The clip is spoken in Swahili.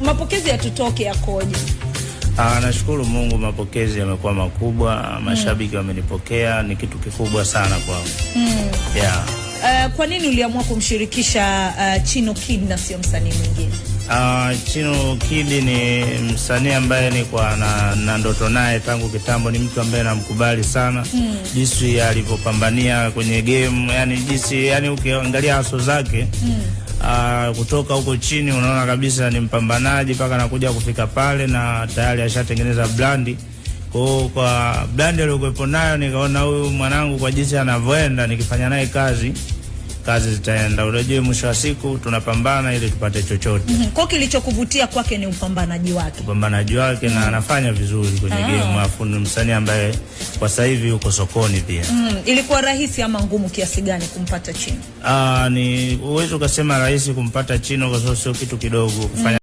mapokezi yatutoke yakoje? Ah, nashukuru Mungu, mapokezi yamekuwa makubwa, mashabiki mm. wamenipokea, ni kitu kikubwa sana kwangu mm. yeah. Uh, kwa nini uliamua kumshirikisha uh, Chino Kid na sio msanii mwingine? Uh, Chino Kid ni msanii ambaye kwa na, na ndoto naye tangu kitambo. Ni mtu ambaye namkubali sana mm. jinsi alivyopambania kwenye game, yani jinsi yani ukiangalia haso zake mm uh, kutoka huko chini, unaona kabisa ni mpambanaji mpaka anakuja kufika pale na tayari ashatengeneza blandi kwao. Kwa blandi aliyokuwepo nayo, nikaona huyu mwanangu kwa jinsi anavyoenda, nikifanya naye kazi kazi zitaenda. Unajua, mwisho wa siku tunapambana ili tupate chochote. mm -hmm. Kwa kilichokuvutia kwake ni upambanaji wake, upambanaji wake mm -hmm. na anafanya vizuri kwenye ah. game, afu ni msanii ambaye kwa sasa hivi uko sokoni pia. Mm, ilikuwa rahisi ama ngumu kiasi gani kumpata Chino? Ah, ni uwezo ukasema rahisi kumpata Chino kwa sababu sio kitu kidogo kufanya mm.